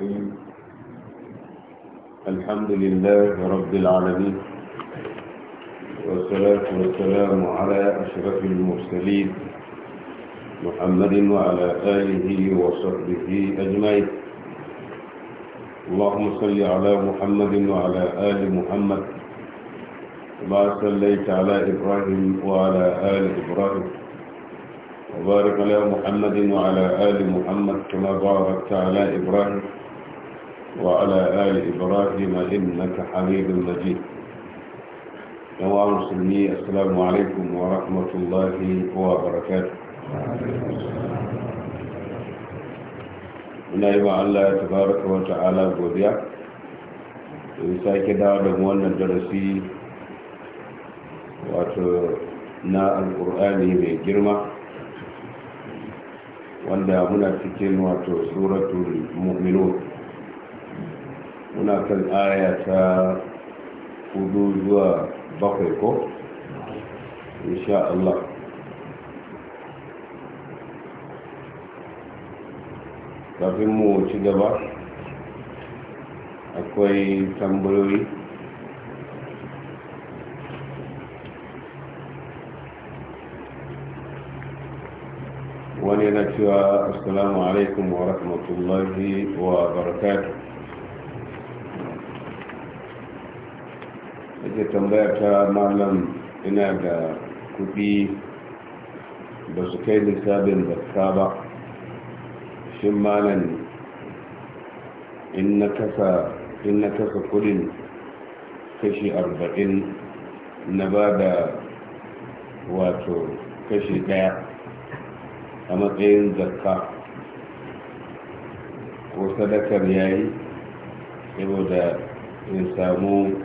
الرحيم الحمد لله رب العالمين والصلاة والسلام على أشرف المرسلين محمد وعلى آله وصحبه أجمعين اللهم صل على محمد وعلى آل محمد ما صليت على إبراهيم وعلى آل إبراهيم وبارك على محمد وعلى آل محمد كما باركت على إبراهيم وعلى آل إبراهيم إنك حميد مجيد نواة المسلمين السلام عليكم ورحمة الله وبركاته ina yi wa Allah ya tabaraka wa ta'ala godiya in sake dawo da wannan darasi wato na alkur'ani mai girma wanda muna cikin wato suratul mu'minun muna kan aya ta hudu zuwa bakwai ko insha Allah kafin mu ci gaba akwai tambayoyi wani yana cewa assalamu alaikum wa rahmatullahi wa barakatuh ce tambaya ta malam ina da kuɗi ba su kai nisabin zakka ba shin malam in na kasa kudin kashi arba'in na ba da wato kashi daya a matsayin zakka ko sadakar yayi saboda in samu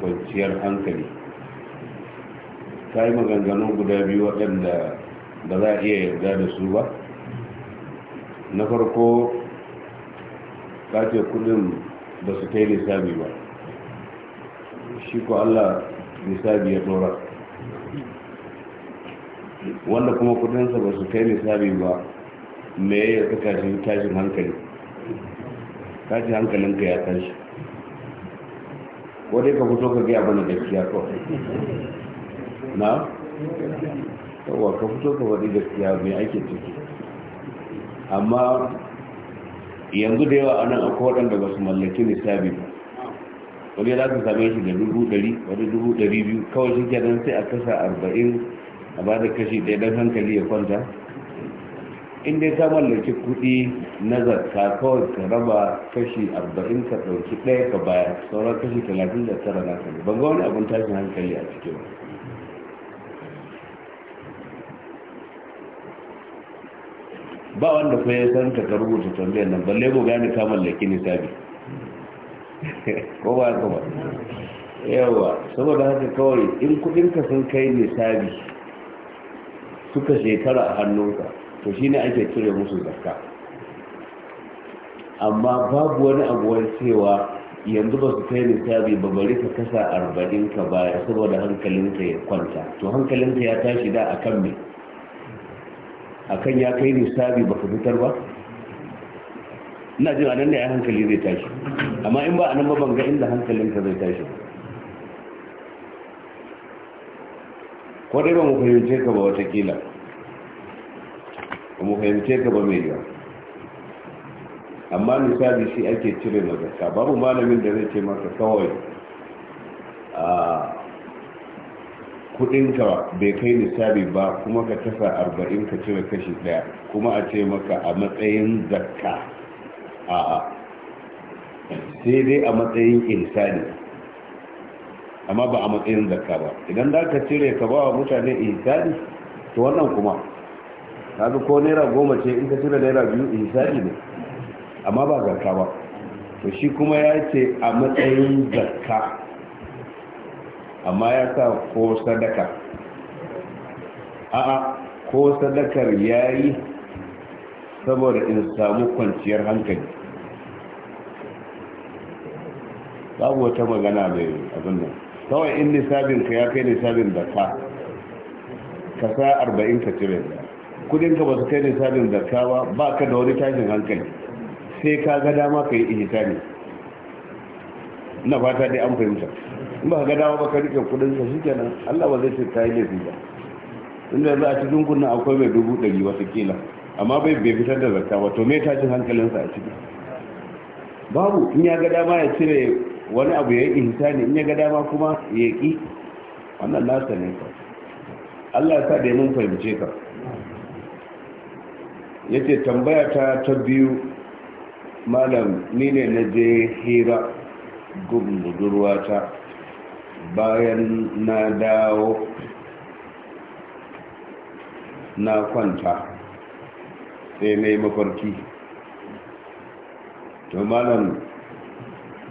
kwanciyar hankali ta yi maganganu guda biyu waɗanda ba za a iya yarda da su ba na farko kace kudin ba su kai lissabi ba shi ko allah lissabi ya dora wanda kuma kudinsa ba su kai lissabi ba me ya saka shi tashin hankali tashin hankalinka ya tashi ko dai ka fito ka gaya bane gaskiya to na yawa ka fito ka faɗi gaskiya mai ake ciki amma yanzu da yawa anan akwai waɗanda ba su mallaki lissafi ba wani za ka same shi da dubu ɗari wani dubu ɗari biyu kawai shi kenan sai a kasa arba'in a ba da kashi ɗaya don hankali ya kwanta in dai ta mallaki kudi na zarka kawai ka raba kashi 40 ka dauki daya ka baya sauran kashi talatin da na ka ban ga wani abin tashin hankali a cikin ba wanda kuma ya san ka rubuta tambayar nan balle ko gani ta mallaki nisabi ko ba ka ba yawa saboda haka kawai in ka sun kai nisabi suka shekara a hannunka to shi ne ake cire musu zakka amma babu wani abuwar cewa yanzu ba su kai nisabi ba bari ka kasa arba'in ka baya saboda hankalinka ya kwanta to hankalinka ya tashi da akan me akan ya kai nisabi ba ka fitar ba ina jin anan da ya hankali zai tashi amma in ba anan ba ban ga inda hankalinka zai tashi ko dai ba mu fahimce ka ba watakila mu fahimce ka ba mai yiwa amma misali shi ake cire mazaka babu malamin da zai ce maka kawai a kudinka bai kai nisabi ba kuma ka tafa arba'in ka cire kashi daya kuma a ce maka a matsayin zakka a sai dai a matsayin insani amma ba a matsayin zakka ba idan za ka cire ka ba wa mutane insani to wannan kuma kaga ko naira goma ce in ka cire naira biyu eh, in sadi ne amma ba zarka ba to shi kuma ya ce a matsayin zarka amma ya sa ko sadaka a'a ko sadakar ya yi saboda in samu kwanciyar hankali babu wata magana mai abin nan kawai in nisabin ka ya kai nisabin da ka sa arba'in ka cire kudinka ba su kai nisabin da ba ba ka da wani tashin hankali sai ka ga dama ka yi ihsani na fata dai an fahimta in ba ka ga dama ba ka rike kudin ka shi kenan Allah ba zai ce ka yi laifi ba inda za a ci dunkun nan akwai mai dubu ɗari wata kila amma bai bai fitar da zakka ba to me tashin hankalinsa a ciki babu in ya ga dama ya cire wani abu ya yi ne in ya ga dama kuma ya ki wannan nasa ne ka Allah ya sa da mun fahimce ka yake tambaya ta ta biyu malam ni ne na je hira gudun budurwata bayan na dawo na kwanta sai na mafarki to malam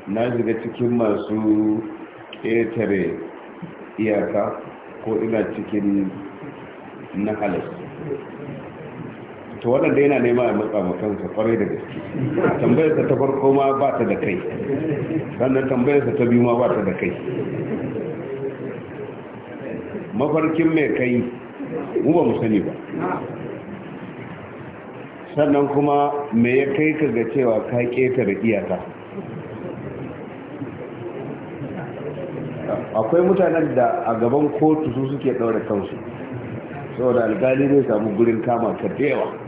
na shiga cikin masu ƙetare iyaka ko ina cikin na halittu to waɗanda da yana nema ya matsa ma kansa kwarai da gaske tambayarsa ta farko ma ba ta da kai sannan tambayarsa ta biyu ma ba ta da kai mafarkin mai kai mu ba mu sani ba sannan kuma me ya kai ka ga cewa ka da iyaka akwai mutanen da a gaban kotu su suke ɗaure kansu saboda alkali zai samu gurin kama ka da yawa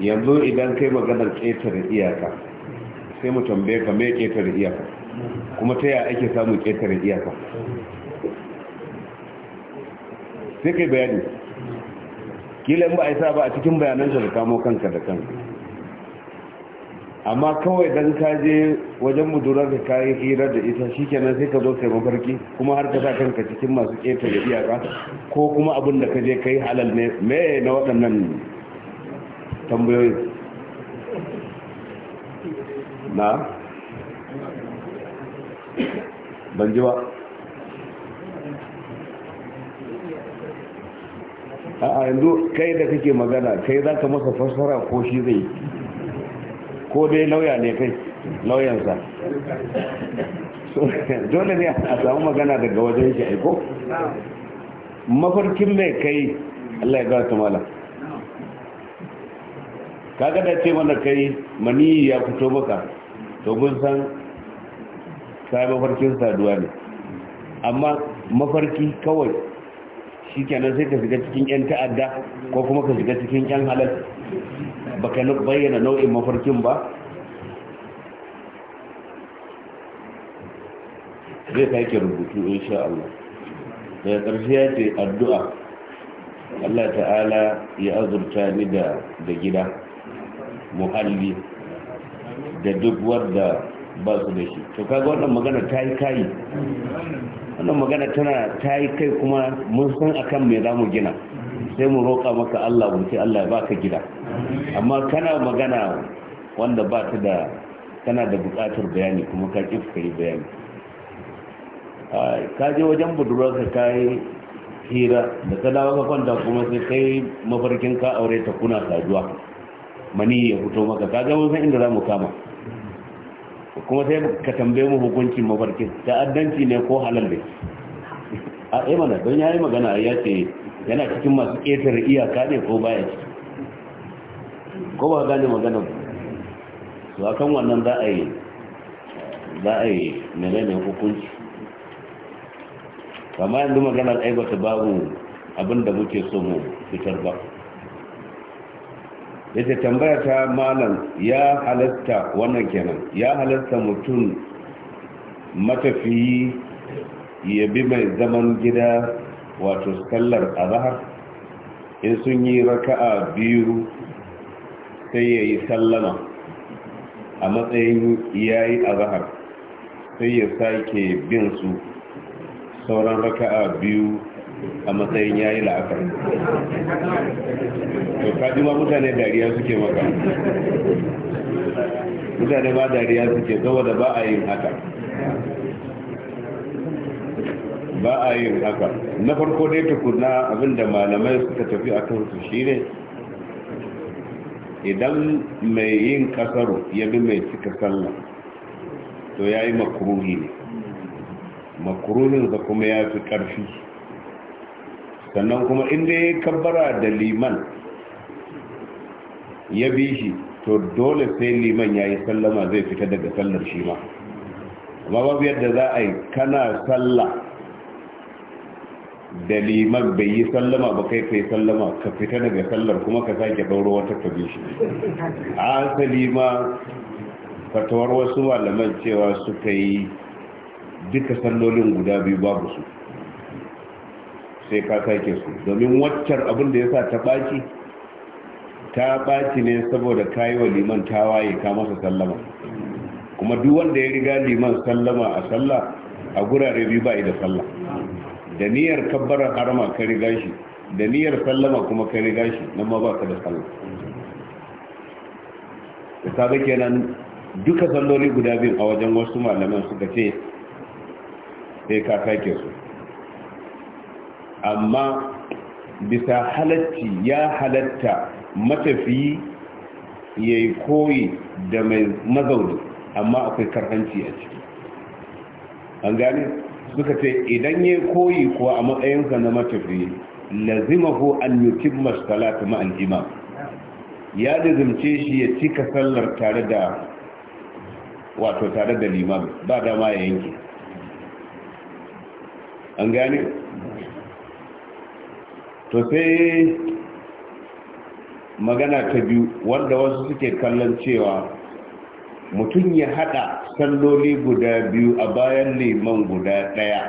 yanzu idan kai maganar ƙetare iyaka sai mu tambaye ka mai ƙetare iyaka kuma ta yaya ake samun ƙetare iyaka sai kai bayani kila ba a yi sa ba a cikin bayanan da kamo kanka da kanka amma kawai don kaje wajen mudurar da kayi hira da ita shi kenan sai ka zo sai mafarki kuma har ka sa kanka cikin masu ƙetare iyaka ko kuma abin da ka je ka yi halal ne me na waɗannan tambayoyi na ban ji ba a yanzu kai da kake magana kai za ka masa fassara ko shi zai ko dai lauya ne kai lauyansa dole ne a samu magana daga wajen shi aiko mafarkin mai kai allah ya gata malam kaga da ce mana kai mani ya fito maka to mun san sai mafarkin saduwa ne amma mafarki kawai shi kenan sai ka shiga cikin 'yan ta'adda ko kuma ka shiga cikin 'yan halal ba ka bayyana nau'in mafarkin ba zai yake rubutu insha Allah daga ƙarshe ya ce addu'a Allah ta'ala ya azurta ni da gida muhalli da duk wadda ba su da shi to kaga wannan magana ta yi kayi wannan magana tana ta yi kai kuma mun san akan me za mu gina sai mu roƙa maka Allah mu ce Allah ya baka gida amma kana magana wanda ba ta da kana da buƙatar bayani kuma ka ƙi bayani ka je wajen budurwa ka yi hira da ka dawo ka kwanta kuma sai kai mafarkin ka aure ta kuna saduwa mani ya fito maka kaga mun san inda zamu kama kuma sai ka tambaye mu hukuncin mafarkin ta'addanci ne ko halal ne a yi eh mana don ya yi magana ya ce yana cikin masu ƙetare iyaka ne ko baya ce ko ba gane magana su a kan wannan za a yi za a yi menene hukunci kama yanzu maganar aibata babu abin da muke so mu fitar ba yace tambaya ta malam ya halatta wannan kenan ya halatta mutum matafiyi ya bi mai zaman gida wato sallar azhar in sun yi raka'a biyu sai ya yi sallama a matsayin ya yi azhar sai ya sake bin su sauran raka'a biyu a matsayin ya yi la'akar to kaji ma mutane dariya suke maka mutane ba dariya suke saboda ba a yin haka ba a yin haka na farko dai tukuna abinda malamai suka tafi a kan su shi ne idan mai yin kasaro ya bi mai cika sallah to ya yi makuruhi ne sa kuma ya fi ƙarfi sannan kuma inda ya kabbara da liman ya bi shi to dole sai liman ya yi sallama zai fita daga sallar shi ma amma babu yadda za a yi kana salla da liman bai yi sallama ba kai kai sallama ka fita daga sallar kuma ka sake ɗauro wata ka bi shi a asali ma fatawar wasu malaman cewa suka yi duka sallolin guda biyu babu su sai ka sake su domin waccar abin da ya sa ta baki, ta baki ne saboda kayi wa liman ta waye ka masa sallama kuma duk wanda ya riga liman sallama a sallah a gurare biyu ba da sallah da niyyar kabbarar harama ka riga shi da niyyar sallama kuma ka riga shi nan ma ba ka da sallah da sabe kenan duka salloli guda biyu a wajen wasu malaman suka ce sai ka sake su amma bisa halatti ya halatta matafiyi ya yi koyi da mai mazauni amma akwai karhanci a ciki an gani suka ce idan ya koyi kuwa a matsayinsa na matafiyi ko an yukim talata ma'an jima ya lazimce shi ya cika sallar tare da wato tare da limam ba dama ya yanke an gani to sai magana ta biyu wanda wasu suke kallon cewa mutum ya hada salloli guda biyu a bayan liman guda daya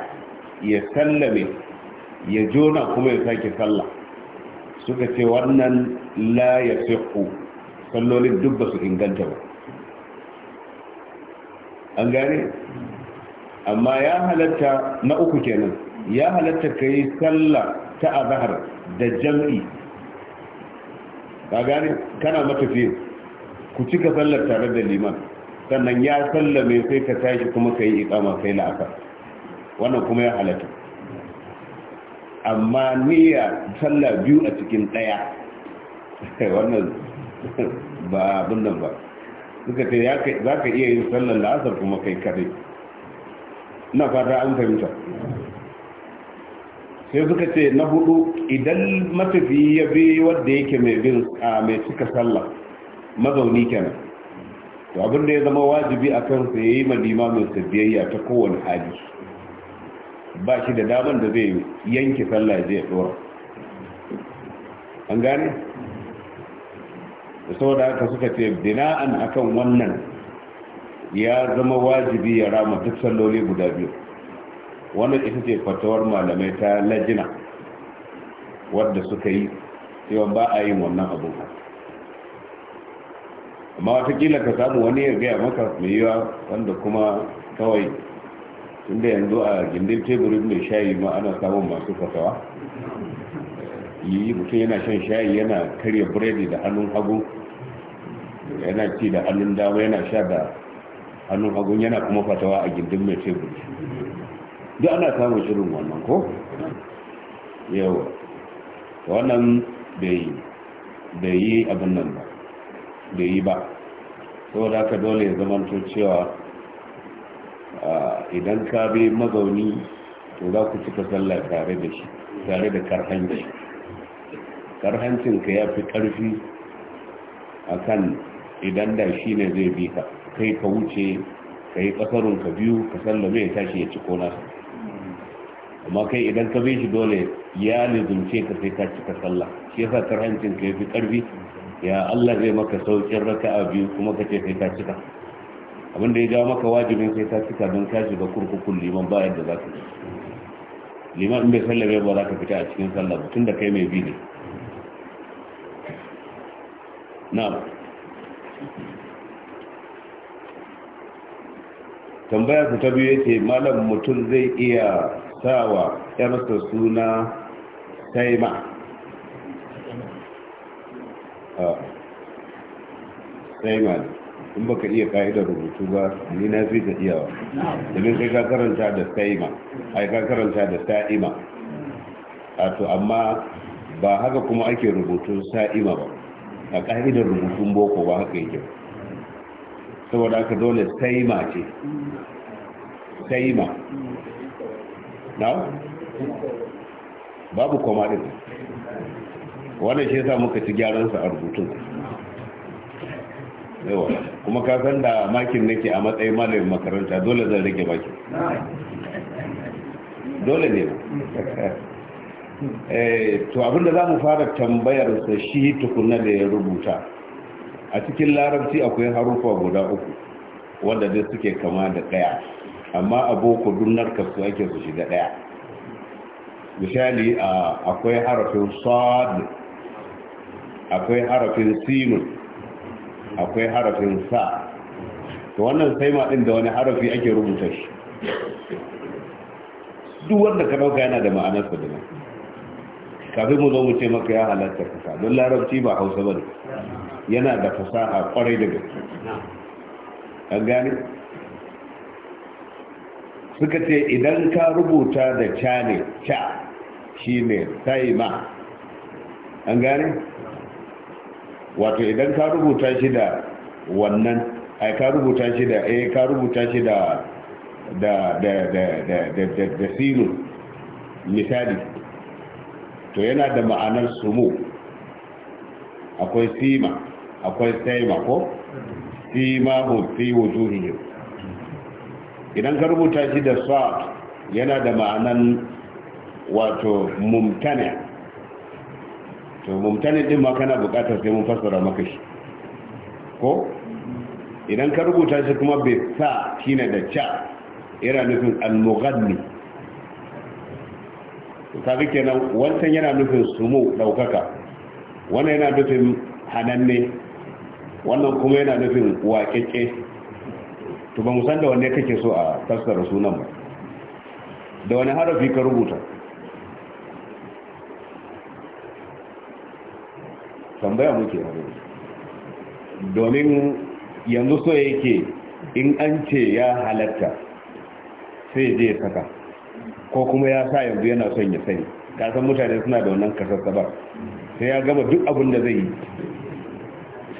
ya sallame ya jona kuma ya sake salla, suka ce wannan la ya ku sallolin duk ba su inganta ba an gane amma ya halatta na uku kenan ya halatta ka yi sallar. ta azhar da jam'i Ba gani kana matafiya ku cika sallar tare da liman sannan ya sallame sai ka tashi kuma ka yi ikama kai la'akar wannan kuma ya halatta amma niyya sallah biyu a cikin ɗaya wannan ba abin nan ba suka ce za ka iya yin sallar la'asar kuma kai kare na fata an fahimta sai suka ce na hudu idan matafi ya bi wadda yake mai bin a mai cika sallah mazauni kenan to abin da ya zama wajibi a kan ya yi malima mai sabiyayya ta kowane hali ba shi da daman da zai yanke sallah zai dora an gane saboda haka suka ce bina'an akan wannan ya zama wajibi ya rama duk salloli guda biyu wannan ita ce fatawar malamai ta lajina wadda suka yi cewa ba a yin wannan abu amma watakila ka samu wani ya gaya maka mai yiwa wanda kuma kawai inda yanzu a gindin teburin mai shayi ma ana samun masu fatawa yi mutum yana shan shayi yana karya biredi da hannun hagu yana ci da hannun dama yana sha da hannun hagu yana kuma fatawa a gindin mai teburi duk ana samun shirin wannan ko yawa wannan bai yi abin nan ba bai yi ba saboda ka dole ya zamanto cewa idan ka bi mazauni to za ku cika sallah tare da shi tare da karhanci karhancinka ya fi karfi akan idan da shi ne zai bi ka kai ka wuce ka yi ƙasarunka biyu ka sallame ya tashi ya ci kona amma kai idan ka bi shi dole ya lizumce ka sai ka cika sallah shi yasa karhancin ka yafi karfi ya Allah zai maka saukin raka'a biyu kuma ka ce sai ka cika abin da ya ga maka wajibin sai ka cika don ka shiga kurkukun liman ba yadda za ka liman in bai sallame ba za ka fita a cikin sallah tun da kai mai bi ne na'am tambaya ku ta biyu yace malam mutum zai iya sawa yarsa suna taima, saima taima in baka iya ka'idar rubutu ba ni na fi ta iyawa domin sai ka karanta da taima, ai ka karanta da ta'ima, a to amma ba haka kuma ake rubutun sa'ima ba a ka'idar rubutun boko ba haka yake saboda haka dole taima ce taima. na babu koma din wannan shi yasa muka ci gyaran sa a rubutun yawa kuma ka san da makin nake a matsayin malamin makaranta dole zan rage makin dole ne eh, to abinda za mu fara tambayar sa shi tukuna da ya rubuta a cikin larabci akwai harufa guda uku wanda dai suke kama da ɗaya amma aboko boko dunnar kasu ake su shiga ɗaya misali akwai harafin sad akwai harafin sinun akwai harafin sa to wannan sai ma ɗin da wani harafi ake rubuta shi duk wanda ka ɗauka yana da ma'anarsa da nan kafin mu zo mu ce maka ya halatta kasa don larabci ba hausa ba ne yana da fasaha kwarai da gaske gani gane suka ce idan ka rubuta da cha ne ca shi ne taima an gane wato idan ka rubuta shi da wannan ai ka rubuta shi da eh ka rubuta shi da da da da da da da da sinu misali to yana da ma'anar sumu akwai sima akwai taima ko fi mahum fi wujuhihim idan ka rubuta shi da sa'ad yana da ma'anan wato mumtani to mumtani din ma kana bukatar sai mun fassara maka shi ko idan ka rubuta shi kuma bai sa kina da cha yana nufin al-mughanni kaga kenan wancan yana nufin sumu daukaka wannan yana nufin hananne wannan kuma yana nufin waƙeƙe to ba musan da wanne kake so a fassara sunan ba da wani harafi ka rubuta tambaya muke domin yanzu so yake in an ce ya halatta sai je ya saka ko kuma ya sa yanzu yana son ya sani kasan mutane suna da wannan kasar sabar sai ya gaba duk abin da zai yi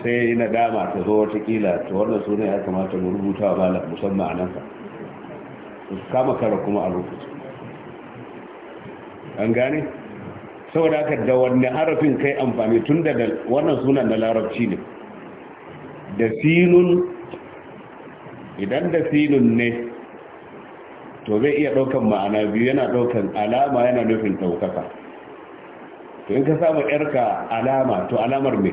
sai na dama ta zo watakila ta wannan suna ya kamata mu rubuta wa malam musamman a nan ka kama kara kuma a rubuta an gane saboda haka da wanne harafin kai amfani tun da wannan sunan na larabci ne da sinun idan da sinun ne to zai iya ɗaukan ma'ana biyu yana ɗaukan alama yana nufin ɗaukaka to in ka samu yarka alama to alamar mai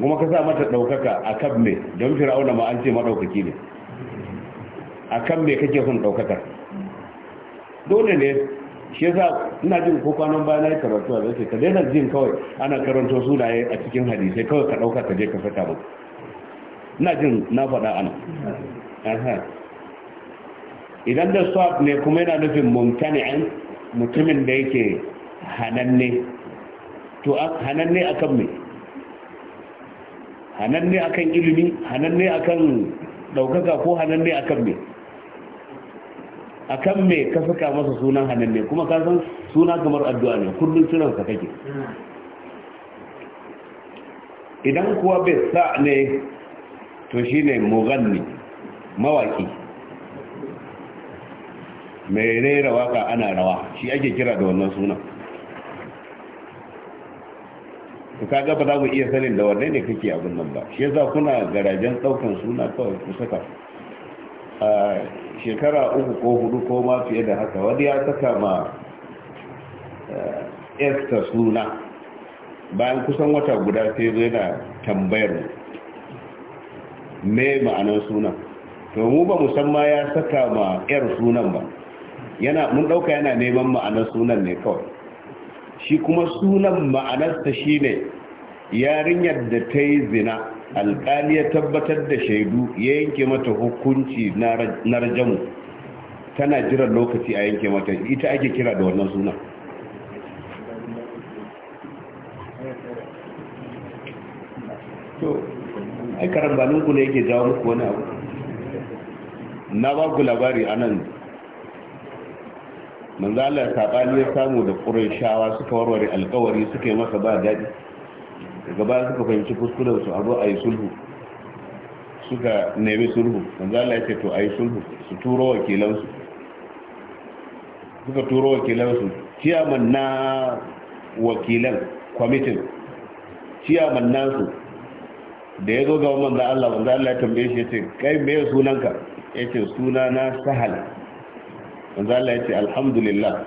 kuma ka sa mata ɗaukaka a kan me don fir'auna ma an ce maɗaukaki ne a kan me kake son ɗaukaka dole ne shi yasa ina jin ko kwanan baya na yi karatu a zai ka daina jin kawai ana karanto sunaye a cikin hadisai kawai ka ɗauka ka je ka saka mu ina jin na faɗa ana idan da swap ne kuma yana nufin mumtani'an mutumin da yake hananne to hananne akan me hananne akan ilimi hananne akan daukaka ko hananne akan me akan me ka saka masa sunan hananne kuma ka san suna kamar addu'a ne kullum sunan ka kake idan kuwa bai sa ne to shine mughanni mawaki mai rera waka ana rawa shi ake kira da wannan sunan Ka ga ba za mu iya sanin da wanne ne kake abin nan ba shi yasa kuna garajen daukan suna kawai ku saka a shekara uku ko hudu ko ma fiye da haka wani ya saka ma esta eh, suna bayan kusan wata guda sai zai na tambayar me ma'anar sunan to mu ba musamman ya saka ma yar sunan ba yana mun dauka yana neman ma'anar sunan ne kawai shi kuma sunan ma'anarsa shi ne yarinyar da ta yi zina Alƙali ya tabbatar da shaidu ya yanke mata hukunci na rajamu tana jiran lokaci a yanke mata ita ake kira da wannan suna to ai karambaninku ne yake jawo muku wani abu na ba ku labari a nan manzala saɓani ya samu da ƙurai shawa suka warware alkawari suka yi masa ba daɗi daga baya suka fahimci kuskuren su a zo a yi sulhu suka nemi sulhu manzo Allah ya ce to a yi sulhu su turo wakilansu suka turo wakilansu ciyaman na wakilan kwamitin ciyaman nasu da ya zo ga manzo Allah manzo Allah ya tambaye shi ya ce kai me sunanka ya ce suna na sahal manzo Allah ya ce alhamdulillah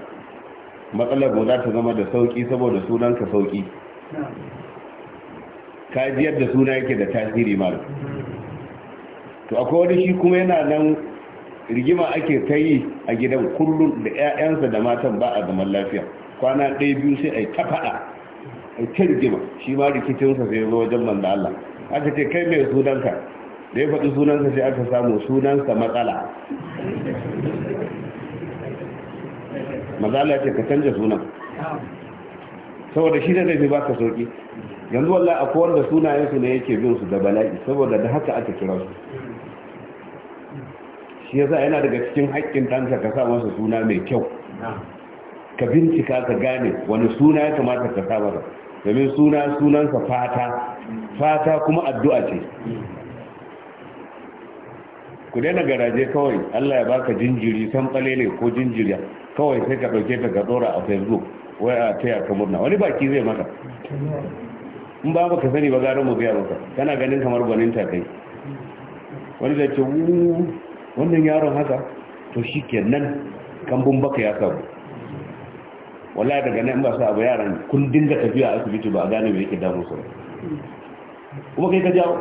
matsalar ba za ta zama da sauki saboda sunanka sauki ka ji yadda suna yake da tasiri ma to akwai wani shi kuma yana nan rigima ake ta yi a gidan kullum da 'ya'yansa da matan ba a zaman lafiya kwana ɗaya biyu sai a yi ta faɗa a ta rigima shi ma rikicinsa sai zo wajen manzo Allah aka ce kai mai sunanka da ya faɗi sunansa sai aka samu sunansa matsala matsala ce ka canja sunan saboda shi da zai ba ka sauki yanzu wallahi da sunayensu ne yake bin su da bala'i saboda da haka aka kira su shi yasa yana daga cikin haƙƙin ɗanka ka sa masa suna mai kyau ka bincika ka gane wani suna ya kamata ka sa masa domin suna sunansa fata fata kuma addu'a ce ku daina garaje kawai Allah ya baka jinjiri san ne ko jinjiri kawai sai ka ɗauke ta ga ɗora a facebook wai a taya ka murna wani baki zai maka in ba baka sani ba garin mu gaya maka kana ganin kamar gwanin ta wani zai ce wannan yaron haka to shi kenan kambun baka ya samu wala daga nan ba sa abu yaran kun dinga tafiya asibiti ba a gane mai yake damu su kuma kai ka jawo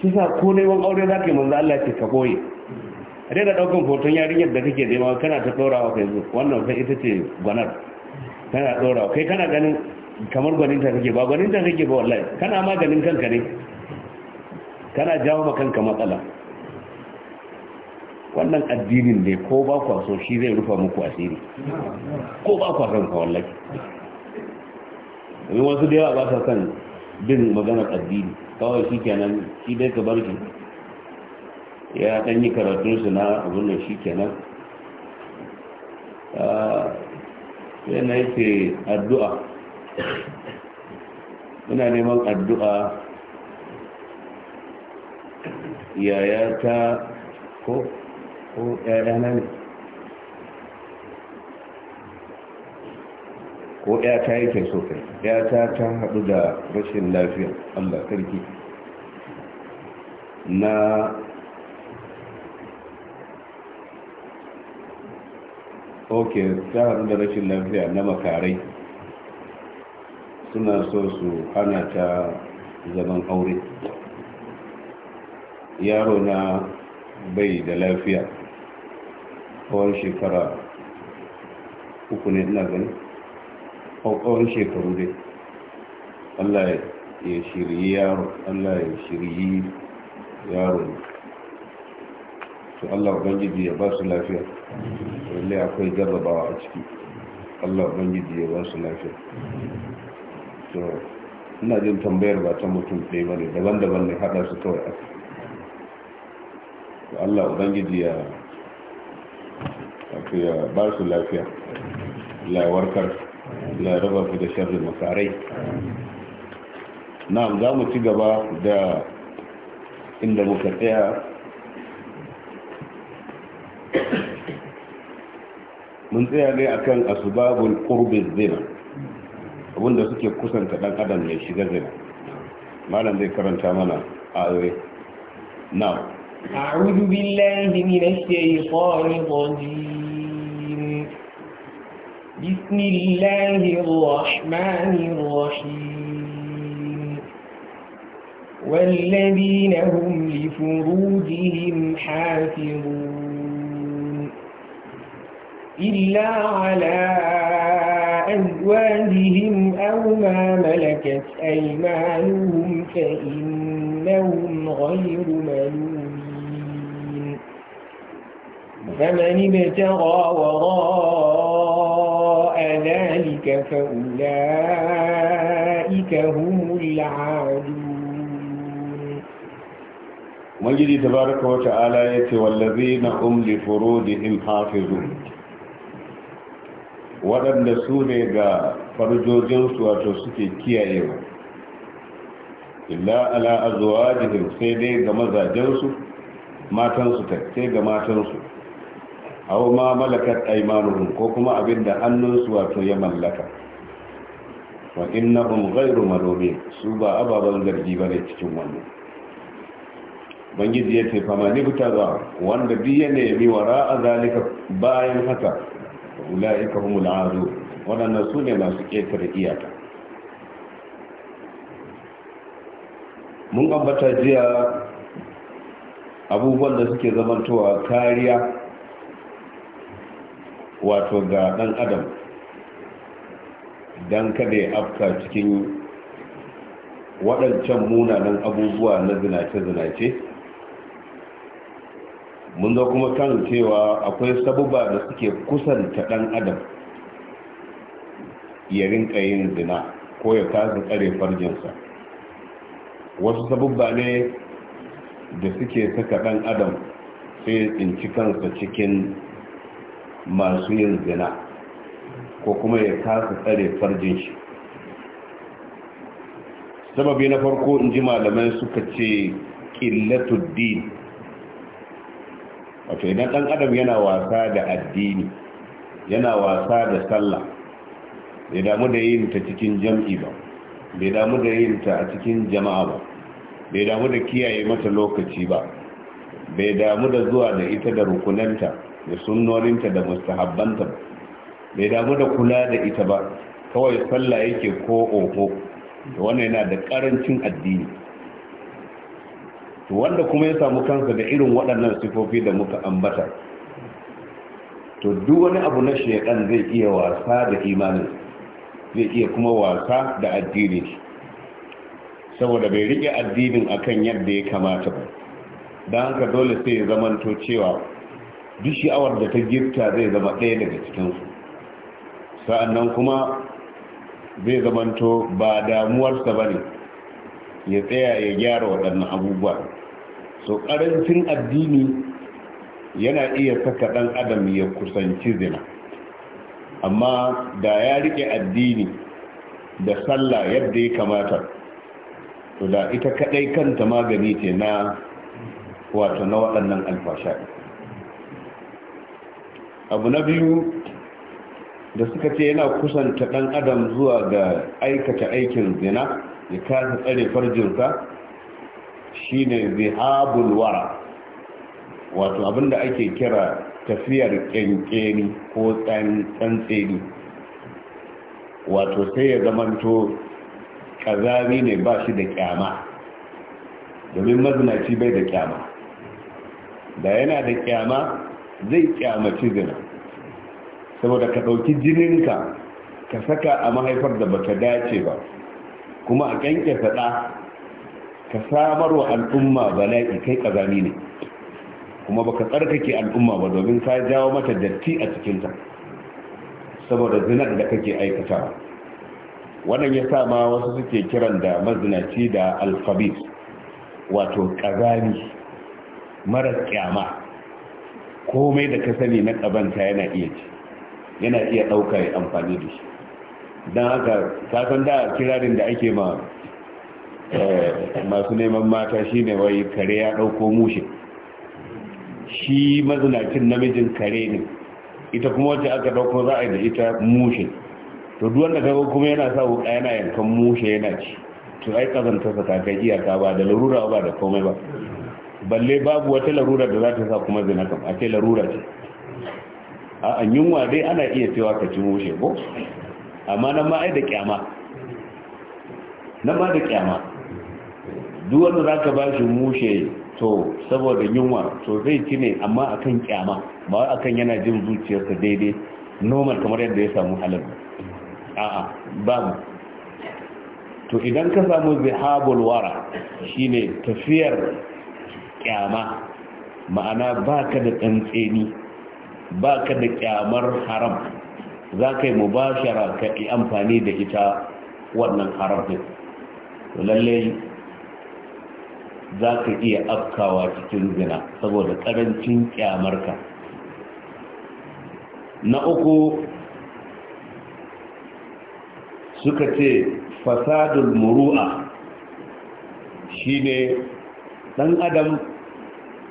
shi sa ko neman aure za ka yi manzo Allah ce ka koye a daina daukan hoton yarinyar da kake nema kana ta dorawa facebook wannan fa ita ce gwanar kana wa kai kana ganin kamar gwaninta kake ba gwaninta kake ba wallahi kana ma ganin kanka ne kana jawo ma kanka matsala wannan addinin ne ko ba kwa so shi zai rufa muku asiri ko ba kwa san ka wallahi amma wasu da yawa ba sa son bin maganar addini kawai shi kenan shi dai ka bar shi ya ɗan yi karatunsu na abin da shi kenan yana ah, yake addu'a ina neman addu'a yaya ta ko ɗaya ‘ya'yana ne ko ta yake so kai ta ta haɗu da rashin lafiya allah karki na ok ta da rashin lafiya na makarai suna so su hana ta zaman aure yaro na bai da lafiya kawon shekara uku ne ina gani kawon shekaru dai allah ya shirye yaro allah ya shirye yaro ne to Allah ubangiji ya ba su lafiya lalle akwai jarrabawa a ciki Allah ubangiji ya ba su lafiya to ina jin tambayar ba ta mutum ɗaya ne daban-daban ne haɗa su kawai aka to Allah ubangiji ya ya ba su lafiya la warkar la raba su da sharri masarai na za mu ci gaba da inda muka tsaya mun tsaya ne akan asbabul ƙurbin zina abinda suke kusanta ɗan adam ya shiga zina malam zai karanta mana ayoyi now أعوذ بالله من الشيطان الرجيم بسم الله الرحمن الرحيم والذين هم لفروجهم حافظون إلا على أزواجهم أو ما ملكت أيمانهم فإنهم غير ملومين فمن ابتغى وراء ذلك فأولئك هم العادون مجد تبارك وتعالى يتي والذين هم لفروجهم حافظون waɗanda su ne ga farjojinsu wato suke kiyayewa illa ala azwajihim sai dai ga mazajensu matansu ta sai ga matansu hau ma malakar aimanuhun ko kuma abinda hannunsu wato ya mallaka wa hun gairu malumin su ba ababen zargi ba ne cikin wannan bangiji ya ce famani buta wanda biya mi wara a zalika bayan haka ula'ika humul azu waɗannan su ne masu ƙetare iyaka mun ambata jiya abubuwan da suke zamantowa kariya wato ga ɗan adam don kada ya afka cikin waɗancan munanan abubuwa na zinace-zinace mun zo kuma kan cewa akwai sabuba da suke kusanta dan adam ya rinka yin zina ko ya kasa tsare farjinsa wasu sabubba ne da suke saka dan adam sai ya tsinci kansa cikin masu yin zina ko kuma ya kasa tsare farjin shi sababi na farko in ji malamai suka ce ƙillatuddin wato idan ɗan adam yana wasa da addini yana wasa da sallah bai damu da yin ta cikin jam'i ba bai damu da yin ta a cikin jama'a ba bai damu da kiyaye mata lokaci ba bai damu da zuwa da ita da rukunanta da sunnorinta da mustahabbanta ba bai damu da kula da ita ba kawai sallah yake ko oho wannan yana da karancin addini to wanda kuma ya samu kansa da irin waɗannan sifofi da muka ambata to duk wani abu na shekan zai iya wasa da imanin zai iya kuma wasa da addini saboda bai riƙe addinin akan yadda ya kamata ba don haka dole sai ya zamanto cewa duk sha'awar da ta gifta zai zama ɗaya daga cikinsu sannan kuma zai zamanto ba damuwarsa ba ne ya tsaya ya gyara waɗannan abubuwa so ƙarancin addini yana iya saka ɗan adam ya kusanci zina amma da ya riƙe addini da sallah yadda ya kamata to da ita kaɗai kanta magani ce na wato na waɗannan alfasha abu na biyu da suka ce yana kusanta ɗan adam zuwa ga aikata aikin zina ya kasa tsare farjinsa shine zihabul wara wato abinda ake kira tafiyar kyankyeni ko tsantseni wato sai ya zamanto kazami ne ba shi da kyama domin mazinaci bai da kyama da yana da kyama zai kyamaci zina saboda ka ɗauki jininka ka saka a mahaifar da baka dace ba kuma a kanke faɗa ka samar wa al'umma bala'i kai ƙazami ne kuma baka tsarkake al'umma ba domin ka jawo mata datti a cikinta saboda zinar da kake aikatawa wannan ya sa ma wasu suke kiran da mazinaci da alfabet wato ƙazami mara kyama komai da ka sani na ƙabanta yana iya ci yana iya ɗauka ya amfani da shi don haka kasan da kirarin da ake ma eh, masu neman mata shi ne wai kare ya ɗauko mushe shi mazinacin namijin kare ne ita kuma wacce aka ɗauko za a yi da ita mushe to duk wanda kaga kuma yana sa wuka yana yankan mushe yana ci to ai kazanta sa ta kai iyaka ba da larura ba da komai ba balle babu wata larura da za ta sa kuma zina kam a ce larura ce a yunwa dai ana iya cewa ka ci mushe ko amma nan ma ai da kyama nan ma da kyama duk wanda za ka ba shi mushe to saboda yunwa to zai ci ne amma akan kyama ba akan yana jin zuciyarsa daidai normal kamar yadda ya samu halar a'a mu to idan ka samu zihabul wara shine tafiyar kyama ma'ana baka da tsantseni baka da kyamar haram za ka yi mubashara ka yi amfani da ita wannan harafin lallai za ka iya afkawa cikin zina saboda karancin kyamarka na uku suka ce fasadul muru'a shine dan adam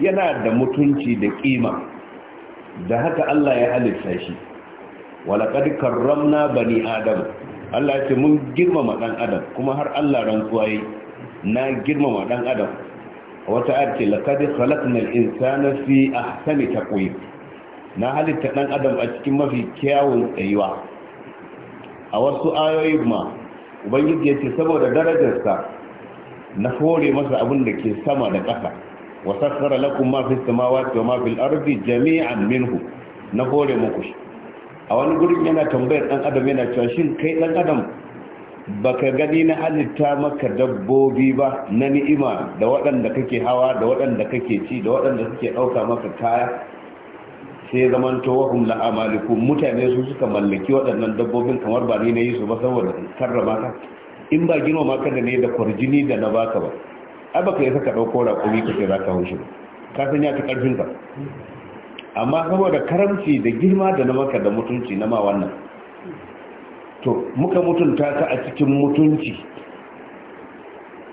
yana da mutunci da kima da haka Allah ya halitta shi walaƙad karramna bani adam Allah ce mun girmama ɗan adam kuma har Allah rantsuwa yi na girmama ɗan adam wata ake khalaqna al insana fi ahsani taqwim na halitta ɗan adam a cikin mafi kyawun tsayuwa a wasu ayoyi ma ubangiji ya ce saboda darajarsa na hore masa abin da ke sama da ƙasa wa sassara lakum ma fi samawati wa ma fil ardi jami'an minhu na hore muku shi a wani gurin yana tambayar ɗan adam yana cewa shin kai ɗan adam ba ka gani na halitta maka dabbobi ba na ni'ima da waɗanda kake hawa da waɗanda kake ci da waɗanda suke ɗauka maka kaya sai zaman tawahum la mutane su suka mallaki waɗannan dabbobin kamar ba ni na yi su ba saboda karrama ka in ba girma maka da ne da kwarjini da na baka ba ai baka yi saka ɗauko raƙumi ka ce za ka hushe ba ka san ya fi ƙarfin ka amma saboda karamci da girma da na maka da mutunci na ma wannan to muka mutunta ka a cikin mutunci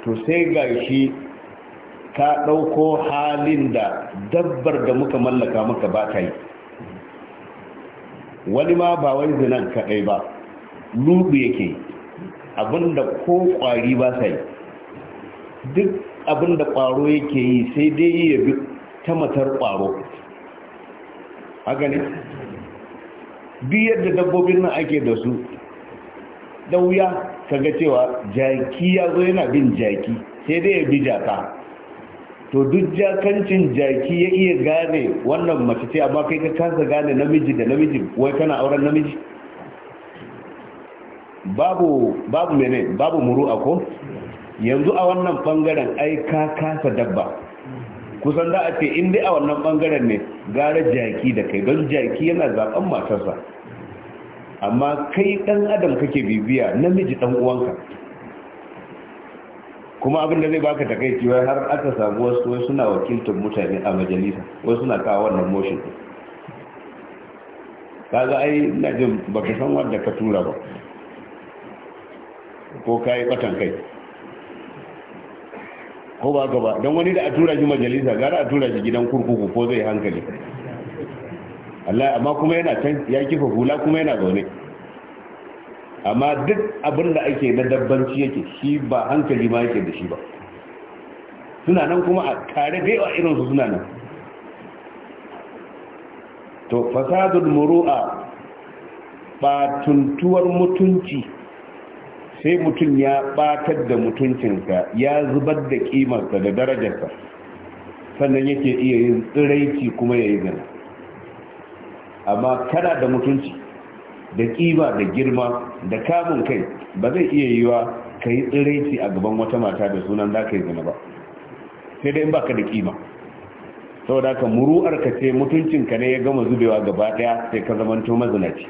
to sai ga shi ka ɗauko halin da dabbar da muka mallaka maka ba ka yi wani ma ba wani zinan kaɗai ba lubu yake abinda ko ƙwari ba sa yi duk abinda ƙwaro yake yi sai dai ya bi ta matar ƙwaro haka ne biyar da dabbobin nan ake da su da wuya kaga cewa jaki ya zo yana bin jaki sai dai ya bi jaka to duk jakancin jaki ya iya gane wannan mace ce amma kai ka kasa gane namiji da namiji wai kana auren namiji babu babu mene babu muru ko yanzu a wannan bangaren ai ka kasa dabba kusan za a ce in dai a wannan bangaren ne gara jaki da kai don jaki yana zaben matarsa amma kai dan adam kake bibiya namiji dan uwanka kuma abin da zai baka takaici wai har aka samu wasu wai suna wakiltar mutane a majalisa wai suna kawo wannan motion kaga ai ina jin baka san wanda ka tura ba ko kai batan kai ko ba gaba don wani da a tura shi majalisa gara a tura shi gidan kurkuku ko zai hankali Allah amma kuma yana can ya kifa hula kuma yana zaune amma duk abin da ake na dabbanci yake shi ba hankali ma yake da shi ba suna nan kuma a kare da yawa irinsu suna nan to fasadul muru'a ba tuntuwar mutunci sai mutum ya batar da mutuncinsa ya zubar da kimarsa da darajarsa sannan yake iya yin tsiraici kuma ya yi zina amma kana da mutunci da kima da girma da kamun kai ba zai iya yi wa ka yi tsiraici a gaban wata mata da sunan za ka yi zina ba sai dai in baka da kima saboda ka muru'ar ka ce mutuncinka ne ya gama zubewa gaba daya sai ka zamanto mazinaci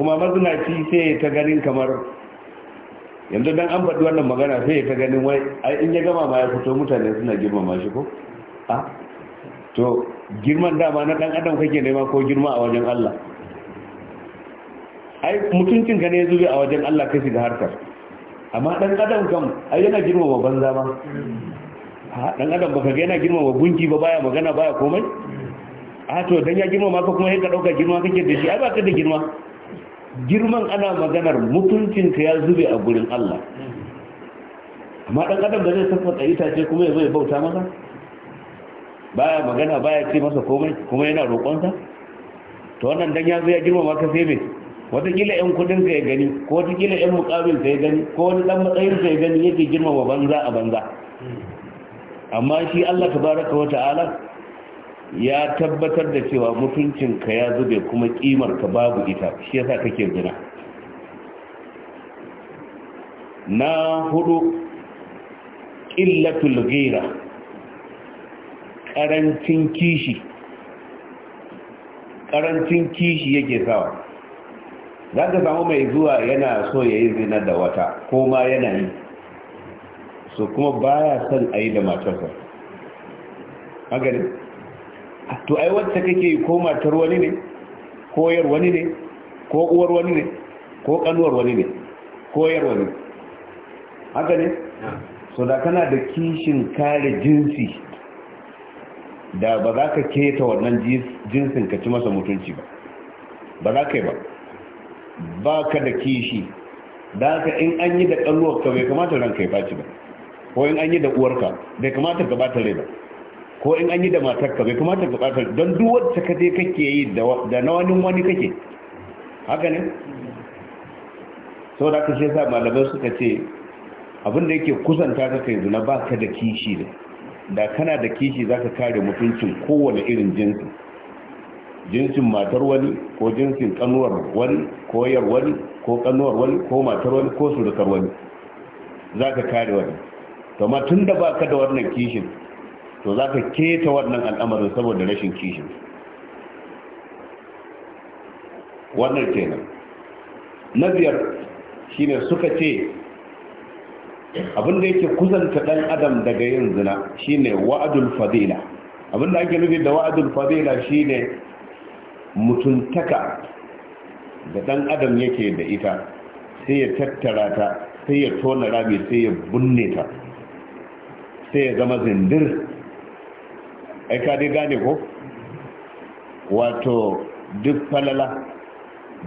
kuma mazinaci sai ta ganin kamar yanzu dan an faɗi wannan magana sai ta ganin wai ai in ya gama ma ya fito mutane suna girmama shi ko a to girman dama na dan adam kake nema ko girma a wajen Allah ai mutuncin ka ne zube a wajen Allah ka shiga harkar amma dan adam kam ai yana girmama banza ma ha dan adam baka ga yana girmama gunki ba baya magana baya komai a to dan ya girmama ka kuma yanka dauka girma kake da shi ai ba ka da girma girman ana maganar mutuncinka ya zube a gurin Allah amma ɗan adam da zai saffata itace kuma ya zo ya bauta masa baya magana baya ce masa komai kuma yana roƙonsa to wannan dan ya zo ya girma maka sai mai watakila yan kudin ka ya gani ko watakila yan mukamin ka ya gani ko wani dan matsayin ka ya gani yake girma ba banza a banza amma shi Allah tabaraka wa ta'ala ya tabbatar da cewa mutuncinka ya zube kuma kimarka babu ita shi yasa kake zina na hudu illatul ghira karancin kishi karancin kishi yake sawa za samu mai zuwa yana so yayi zina da wata ko ma yana yi so kuma baya son a da matarsa to ai wacce kake yi ko matar wani ne ko yar wani ne ko uwar wani ne ko kanuwar wani ne ko yar wani haka ne so da kana da kishin kare jinsi da ba za ka keta wannan jinsin ka ci masa mutunci ba ba za ka yi ba ba ka da kishi da ka in an yi da kanuwar ka bai kamata ranka ya faci ba ko in an yi da uwarka bai kamata ka bata rai ba ko in an yi da ka, bai kamata ka ɓata don duk wacce ka je kake yi da na wani wani kake haka ne sau da aka sa malaman suka ce abin da yake kusanta ka kai zuna ba ka da kishi ne da kana da kishi za ka kare mutuncin kowane irin jinsi jinsin matar wani ko jinsin kanuwar wani ko yar wani ko kanuwar wani ko matar wani ko surukar wani za ka kare wani to ma tun da ba ka da wannan kishin to za ka keta wannan al'amarin saboda rashin kishin wannan kenan na biyar ne suka ce abinda yake kusanta ɗan adam daga yin zina ne wa'adul fadila abinda ake nufi da wa'adul fadila shi ne mutuntaka da ɗan adam yake da ita sai ya tattara ta sai ya tona rami sai ya bunne ta sai ya zama zindir ai ka dai gane ko wato duk falala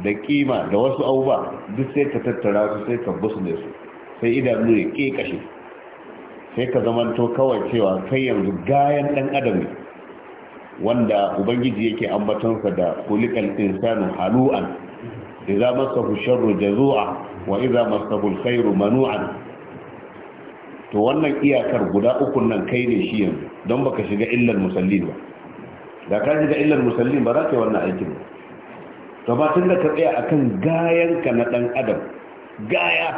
da kima da wasu abubuwa duk sai ka tattara su sai ka ne su sai idanu ya ke kashe sai ka zamanto kawai cewa kai yanzu gayan dan adam ne wanda ubangiji yake sa da kulikal insanu halu'an idza masahu sharru jazua wa idza masahu alkhairu manu'an to wannan iyakar guda ukun nan kai ne shi yanzu don baka shiga illar musallin ba da ka shiga illar musallin ba za ka yi wannan aikin ba to ba tun da ka tsaya akan gayanka na dan adam gaya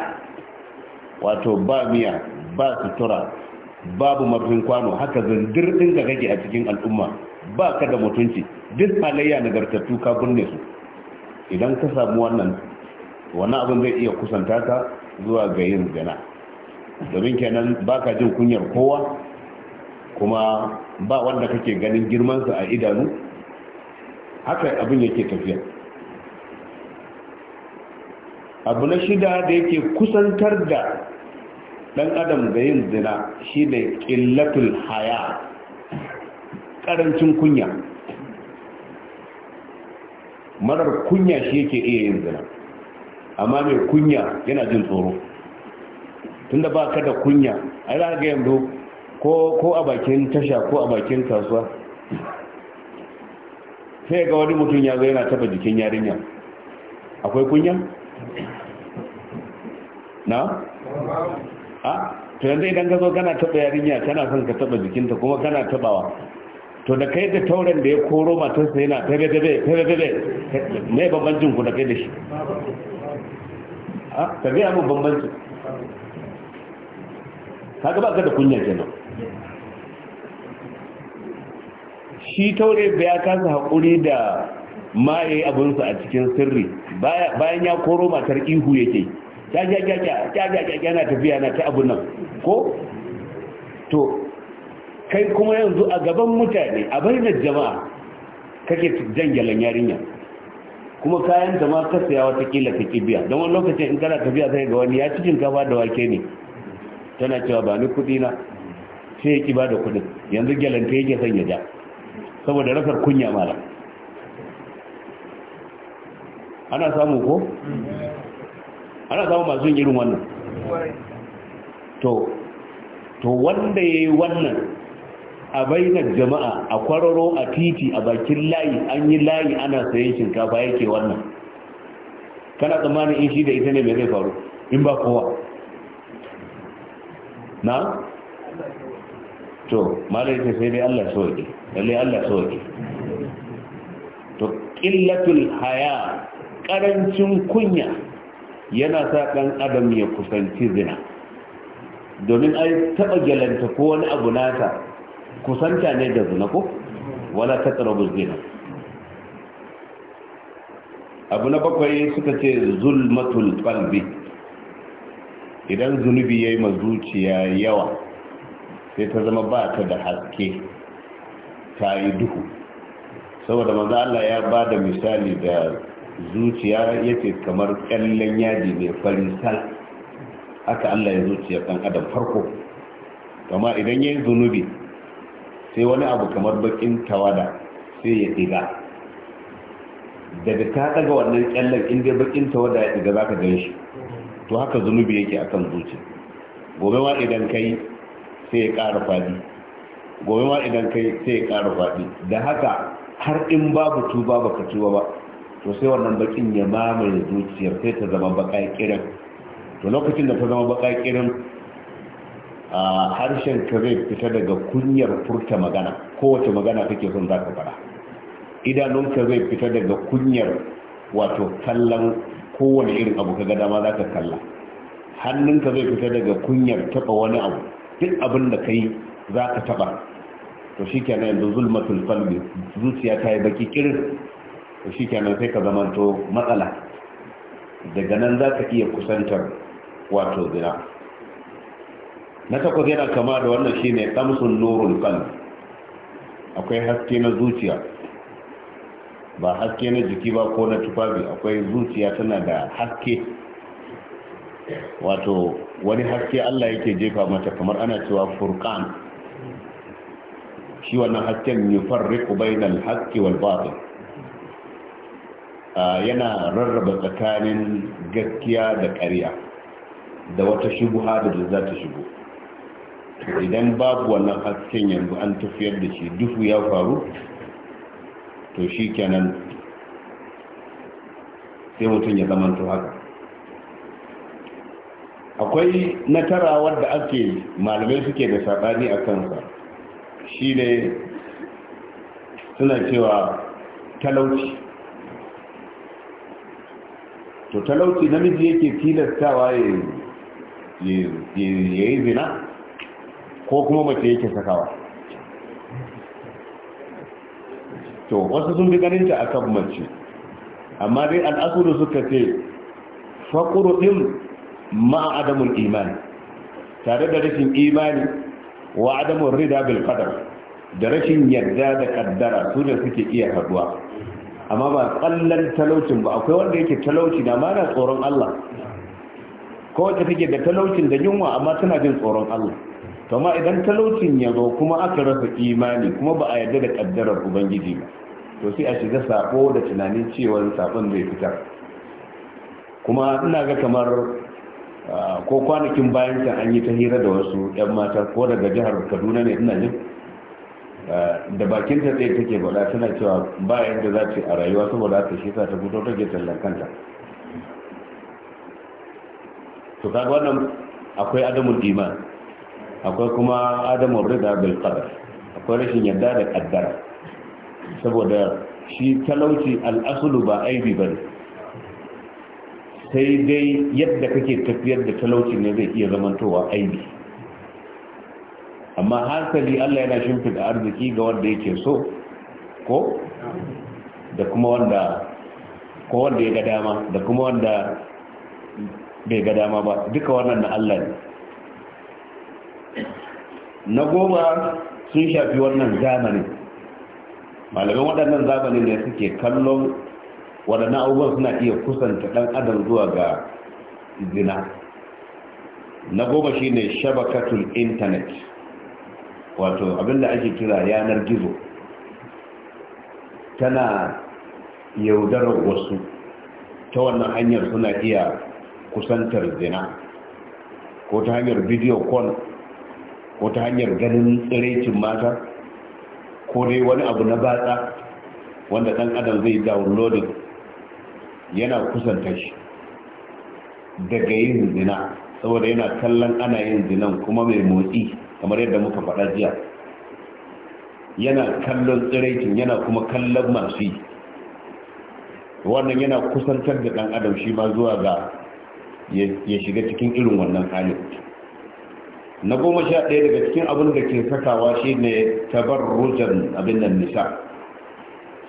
wato ba miya ba sutura babu marfin kwano haka zandir din da kake a cikin al'umma ba ka da mutunci duk halayya nagartattu ka binne su idan ka samu wannan wani abin zai iya kusanta ka zuwa ga yin zina domin kenan baka jin kunyar kowa kuma ba wanda kake ganin girmansa a idanu haka abin yake tafiya abu na shida da yake kusantar da dan adam da yin zina shi ne qillatul haya ƙarancin kunya marar kunya shi yake iya yin zina amma mai kunya yana jin tsoro tunda ba ka da kunya ai za ga yanzu ko a bakin tasha ko a bakin kasuwa sai ga wani mutum ya zo yana taba jikin yarinya akwai kunya? na? a yanzu idan ka zo kana taba yarinya kana son ka taba jikinta kuma kana tabawa to da kai da tauren da ya koro matarsa yana tabe-tabe tabe-tabe mai bambancin ku da kai da shi a tabi abu bambancin kaga ba ka da kunya kenan shi taure ba ya kasa haƙuri da maye abinsa a cikin sirri bayan ya koro matar ihu yake kyakyakyakyakyakyakya na tafiya na ta abin nan ko to kai kuma yanzu a gaban mutane a bainar jama'a kake jangalan yarinya kuma kayan ta ka saya watakila ta kibiya don wani lokacin in kana tafiya sai ga wani ya cikin kafa da wake ne tana cewa ba ni kuɗi na sai ya ki ba da kudin yanzu gyalanta yake son ya ja saboda rasar kunya mala ana samu ko? ana samu masu yin irin wannan to to wanda ya yi wannan a bainar jama'a a kwararo a titi a bakin layi an yi layi ana sayan shinkafa yake wannan kana tsammanin in shi da ita ne mai zai faru in ba kowa na to malai ce sai dai Allah sauke lalle Allah sauke to qillatul haya ƙarancin kunya yana sa dan adam ya kusanci zina domin ai taɓa galanta ko wani abu nata kusanta ne da zina ko wala taqrabu zina abu na bakwai suka ce zulmatul qalbi idan zunubi ya yi mazuciya yawa sai ta zama ba ta da haske ta yi duhu saboda maza Allah ya ba da misali da zuciya yake kamar kyallon yaji mai farin sal aka Allah ya zuciya ɗan adam farko kama idan ya yi zunubi sai wani abu kamar bakin tawada sai ya ɗiga daga ta ɗaga wannan kyallon inda bakin tawada ya ɗiga za ka gan shi to haka zunubi yake akan zuci gobe ma idan kai sai ya ƙara faɗi gobe ma idan kai sai ya ƙara faɗi da haka har in babu tuba baka tuba ba to sai wannan bakin ya mamaye zuciyar sai ta zama baka to lokacin da ta zama baka kiran a harshen ka zai fita daga kunyar furta magana kowace magana kake son za ka fara idanunka zai fita daga kunyar wato kallon kowane irin abu kaga dama za ka kalla hannunka zai fita daga kunyar taba wani abu duk abin da kai za ka taba to shi kenan yanzu zulmatul qalbi zuciya ta yi baki kirin to shi kenan sai ka zamanto matsala daga nan za ka iya kusantar wato zina na takwas yana kama da wannan shine samsun nurul akwai haske na zuciya ba haske na jiki ba ko na tufafi akwai zuciya tana da haske wato wani haske Allah yake jefa mata kamar ana cewa Furkan, shi wannan hasken yufarriqu bainal haqqi wal batil ah, yana rarraba tsakanin gaskiya da ƙarya da wata shubuha da za ta shigo idan babu wannan hasken yanzu an tafiyar da shi duhu ya faru to shi kenan sai mutum ya zamanto haka akwai na tara wadda ake malamai suke da saɓani a kansa shi ne suna cewa talauci to talauci namiji yake tilastawa ya yi zina ko kuma mace yake sakawa to wasu sun fi ganinta a kan mace amma dai al'asuru suka ce faƙuru ɗin ma'adamun imani tare da rashin imani wa adamun rida bil qadar da rashin yarda da kaddara su ne suke iya haduwa amma ba tsallan talaucin ba akwai wanda yake talauci da ma na tsoron Allah ko wacce take da talaucin da yunwa amma tana jin tsoron Allah kama idan talaucin ya zo kuma aka rasa imani kuma ba a yarda da kaddarar ubangiji ba to sai a shiga sako da tunanin cewa sakon zai fita. kuma ina ga kamar ko kwanakin bayan ta an yi ta hira da wasu yan mata ko daga jihar kaduna ne ina jin da bakin ta tsaye take bada tana cewa ba yadda za ce a rayuwa saboda ta shi ta fito take tallan kanta to kaga wannan akwai adamul iman akwai kuma adamu rida bil qadar akwai rashin yadda da kaddara saboda shi talauci al'asulu ba aibi ba ne sai dai yadda kake tafiyar da talauci ne zai iya zamantowa aibi amma hankali allah yana shimfida arziki ga wanda yake so ko da kuma wanda ko wanda ya ga dama da kuma wanda bai ga dama ba duka wannan na allah ne na goma sun shafi wannan zamanin Malamin waɗannan zamani ne suke kallon waɗannan abubuwan suna iya kusanta ɗan adam zuwa ga zina na goma shi ne shabakatun intanet wato abinda ake kira yanar gizo tana yaudarar wasu ta wannan hanyar suna iya kusantar zina ko ta hanyar bidiyo call ko ta hanyar ganin tsiraicin mata ko dai wani abu na batsa wanda ɗan adam zai downloading yana kusanta shi daga yin zina saboda yana kallon ana yin zinan kuma mai motsi kamar yadda muka faɗa jiya yana kallon tsiraicin yana kuma kallon masu yi wannan yana kusantar da ɗan adam shi ma zuwa ga ya shiga cikin irin wannan halin na goma sha ɗaya daga cikin abin da ke sakawa shi ne tabarrujan abin nan nisa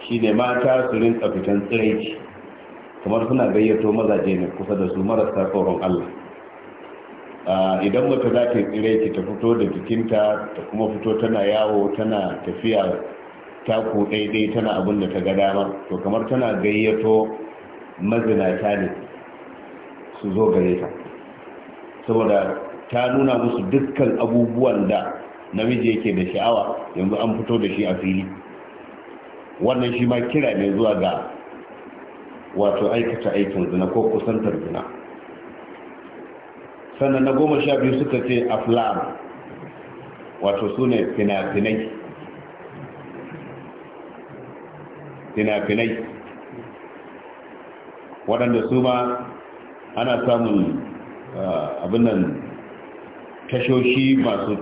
shi ne mata su rinka fitan tsiraici kamar suna gayyato mazaje ne kusa da su marasa tsoron allah idan mace za ta tsiraici ta fito da jikinta ta kuma fito tana yawo tana tafiya taku daidai tana abin da ta ga dama to kamar tana gayyato mazinata ne su zo gare ta saboda ta nuna musu dukkan abubuwan da namiji yake da sha'awa yanzu an fito da shi a fili wannan shi ma kira ne zuwa ga wato aikata aikin zina ko kusantar zina sannan na goma sha biyu suka ce aflam wato su ne finafinai finafinai fina-finai waɗanda su ma ana samun ah, abin nan tashoshi masu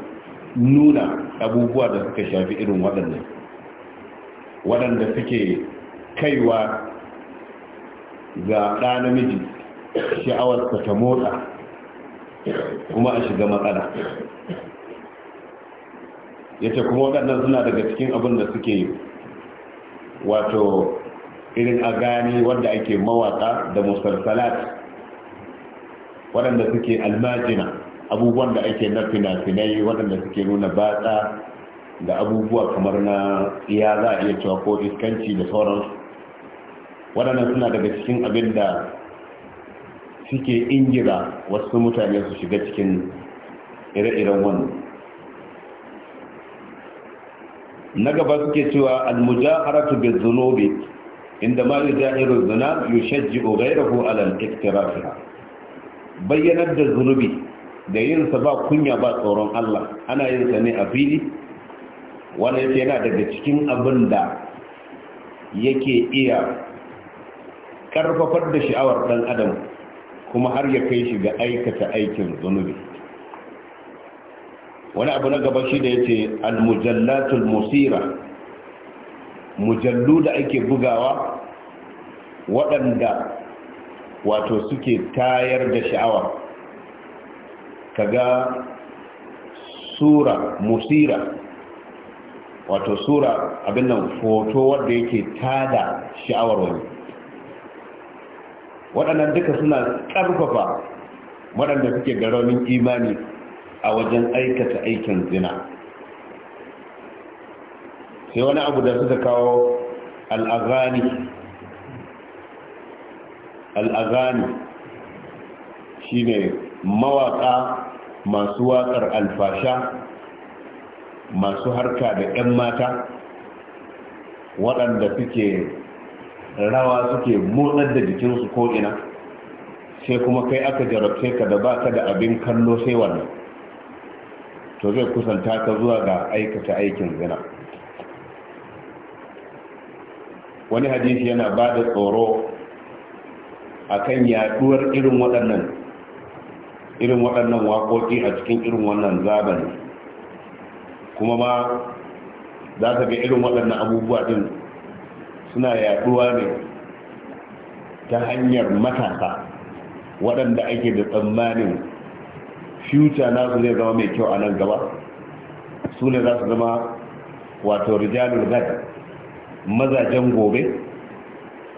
nuna abubuwa da suka shafi irin waɗannan waɗanda suke kaiwa ga ɗa namiji sha'awarsa ta motsa kuma a shiga matsala ya kuma waɗannan suna daga cikin abin da suke wato irin a gani wanda ake mawaka da musalsalat waɗanda suke almajina abubuwan da ake na fina-finai waɗanda suke nuna batsa da abubuwa kamar na iya za a iya cewa ko iskanci da sauransu waɗannan suna daga cikin abin da suke ingira wasu mutane su shiga cikin ire-iren wannan na gaba suke cewa almujaharatu bi dhunubi inda ma yujahiru dhunub yushajji'u ghayrahu ala al-iktirafiha bayyanar da zunubi da yinsa ba kunya ba tsoron Allah ana yinsa ne a fili wanda yake yana daga cikin abin da yake iya karfafar da sha'awar ɗan adam kuma har ya kai shi ga aikata aikin zunubi wani abu na gaba shi da ya ce almujallatul musira mujallu da ake bugawa waɗanda wato suke tayar da sha'awa kaga sura musira wato sura abin nan foto wadda yake tada sha'awar wani waɗannan duka suna ƙarfafa waɗanda suke da raunin imani a wajen aikata aikin zina sai wani abu da suka kawo al'azani al'azani shi ne mawaƙa masu watsar alfasha masu harka da 'yan mata waɗanda suke rawa suke motsar da jikinsu ko'ina sai kuma kai aka jarabce ka da baka da abin kallo sai wannan to zai kusanta ka zuwa ga aikata aikin zina wani hadisi yana ba da tsoro a kan yaduwar irin waɗannan irin waɗannan waƙoƙi a cikin irin wannan zaben kuma ma za ka ga irin waɗannan abubuwa ɗin suna yaɗuwa ne ta hanyar matasa waɗanda ake da tsammanin future nasu zai zama mai kyau a nan gaba su ne za su zama wato rijalul gad mazajen gobe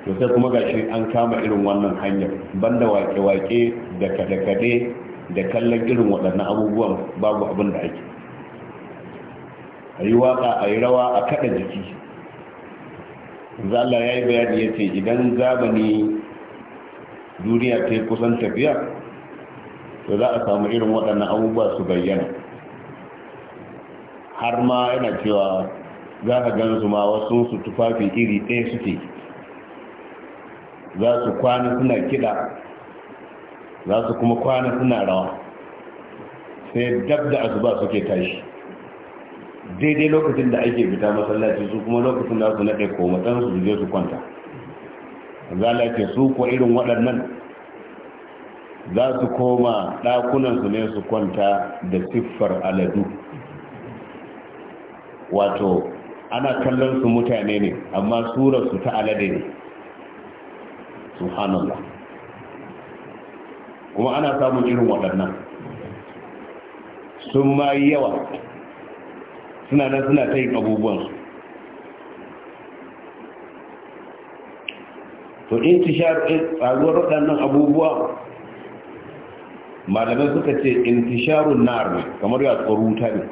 to sai kuma gashi an kama irin wannan hanyar banda wake-wake da kade-kade da kallon irin waɗannan abubuwan babu abin da ake a yi waƙa a yi rawa a kaɗa jiki zala ya yi bayani ya ce idan zamani duniya ta yi kusan tafiya to za a samu irin waɗannan abubuwa su bayyana har ma yana cewa za a gan su ma wasu su tufafi iri ɗaya suke za su kwana suna kiɗa za su kuma kwana suna rawa sai dab da asuba suke tashi daidai lokacin da ake fita masallaci su kuma lokacin da su naɗe ko matan su je su kwanta zala su ko irin waɗannan za su koma ɗakunansu ne su kwanta da siffar aladu wato ana kallon su mutane ne amma surarsu ta alade ne subhanallah kuma ana samun irin waɗannan sun ma yi yawa suna nan suna ta yin abubuwansu to in sha eh, tsaruwar waɗannan abubuwa malamai suka ce in intisharun na ne kamar ya tsoro wuta ne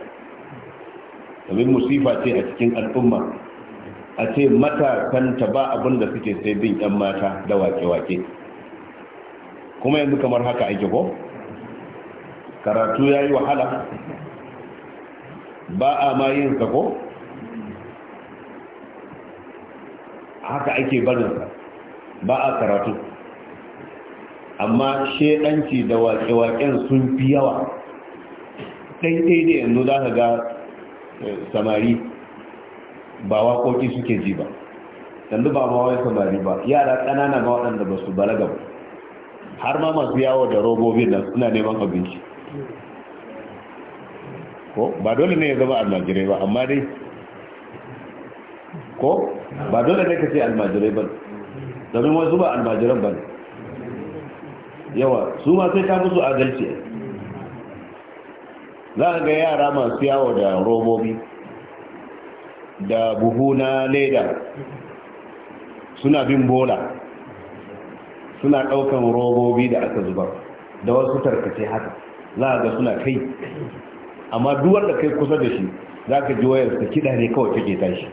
domin musifa ce a cikin al'umma a ce matakanta ba abinda da suke sai bin 'yan mata da wake-wake kuma yanzu kamar haka ake ko karatu ya yi wahala ba a ma yin sa ko haka ake barinsa ba a karatu amma shaidanci da waƙe-waƙen sun fi yawa ɗaiɗai da yanzu za ka ga eh, samari ba waƙoƙi suke ji ba yanzu ba ma wai samari ba yara ƙanana ma waɗanda ba su balaga ba har ma masu yawo da robobin nan suna neman abinci ko ba dole ne ya zama almajirai ba amma dai ko ba dole ne ka ce almajirai ba domin wasu ba almajiran ba yawa su ma sai ta musu adalci za a ga yara masu yawo da robobi da buhu na leda suna bin bola suna ɗaukan robobi da aka zubar da wasu tarkace haka za ga suna kai amma duwar da kai kusa da shi za ka ji wayar su kiɗa ne kawai take tashi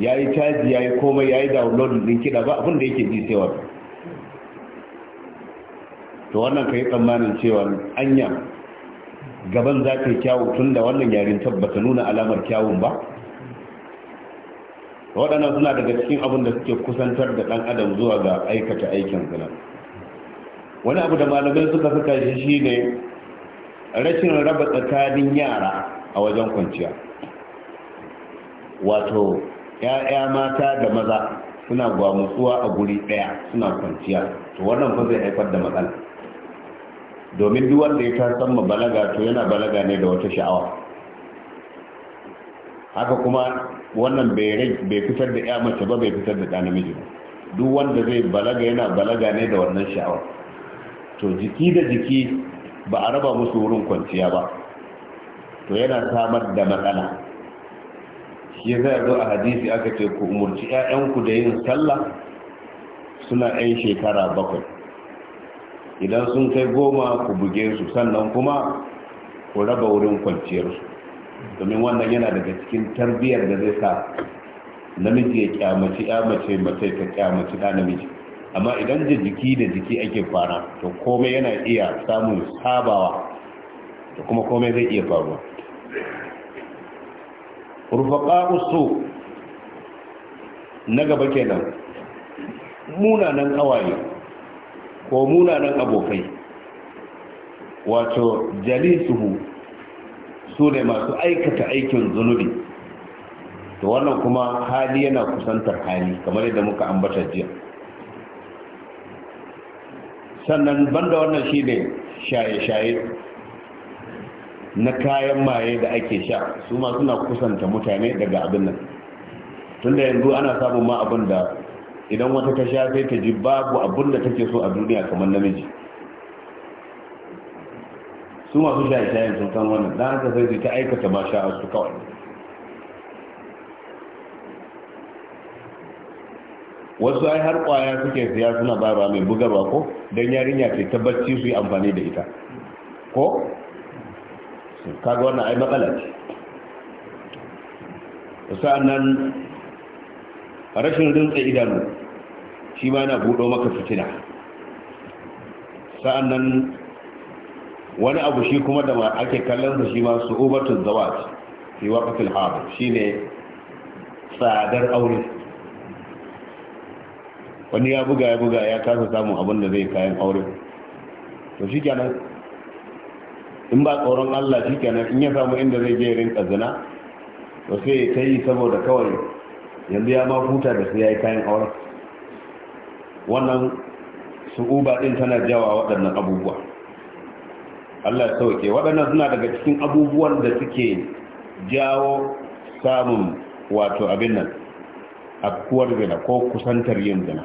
ya yi caji ya yi komai ya yi download din kiɗa ba abinda yake ji cewa to wannan ka yi tsammanin cewa anya gaban za ta yi kyawu tun da wannan yarin tabbata nuna alamar kyawun ba waɗannan suna daga cikin abin da suke kusantar da ɗan adam zuwa ga aikata aikin zina wani abu da malamai suka suka shi shi ne rashin raba tsakanin yara a wajen kwanciya wato ya'ya mata da maza suna gwamutsuwa a guri ɗaya suna kwanciya to wannan fa zai haifar da matsala domin duk wanda ya tasan ma balaga to yana balaga ne da wata sha'awa haka kuma wannan bai fitar da ya mace ba bai fitar da ɗa namiji ba duk wanda zai balaga yana balaga ne da wannan sha'awar to jiki da jiki ba a raba musu wurin kwanciya ba to yana samar da matsala shi zai zo a hadisi aka ce ku umurci 'ya'yanku da yin sallah suna 'yan shekara bakwai idan sun kai goma ku buge su sannan kuma ku raba wurin kwanciyarsu domin wannan yana daga cikin tarbiyyar da zai sa namiji ya kyamaci ya mace mace ta kyamaci da namiji amma idan da jiki da jiki ake fara to komai yana iya samun sabawa to kuma komai zai iya faruwa rufaka usu na gaba kenan munanan kawaye ko munanan abokai wato jalisuhu su ne masu aikata aikin zunubi to wannan kuma hali yana kusantar hali kamar yadda muka ambata jiya sannan banda wannan shi ne shaye-shaye na kayan maye da ake sha su ma suna kusanta mutane daga abin nan tunda yanzu ana samun ma abin da idan wata ta sha sai ta ji babu abin da take so a duniya kamar namiji su masu shaye-shayen sun san wannan don haka sai ta aikata ba sha'a su kawai wasu ai har kwaya suke siya suna bayarwa mai bugarwa ko don yarinya ce ta su yi amfani da ita ko kaga wannan ai matsala ce sa'annan rashin rintsa idanu shi ma yana buɗo maka fitina sa'annan wani abu shi kuma da ake kallon su shi ma su su'ubatun zawat fi haɗu shi ne tsadar aure wani ya buga ya buga ya kasa samun abin da zai kayan aure to shi kenan in ba tsoron Allah shi kenan in ya samu inda zai je ƙazina to sai ta yi saboda kawai yanzu ya ma huta da sai ya yi kayan aure wannan su'uba ɗin tana jawa waɗannan abubuwa Allah ya sauke waɗannan suna daga cikin abubuwan da suke jawo samun wato abin nan a kuwar zina ko kusantar yin zina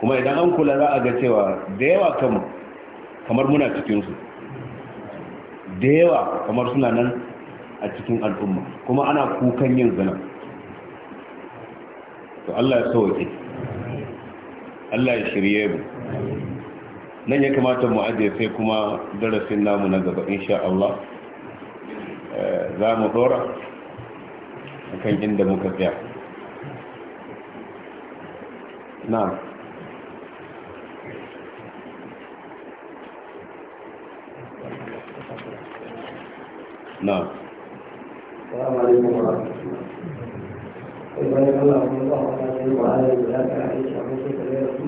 kuma idan an kula za a ga cewa da yawa kamar kamar muna cikinsu da yawa kamar suna nan a cikin al'umma kuma ana kukan yin zina to Allah ya sauke Allah ya shirye mu nan ya kamata mu ajiye sai kuma darasin namu na gaba insha Allah za mu dora kan inda muka fiya na na السلام عليكم ورحمة الله وبركاته.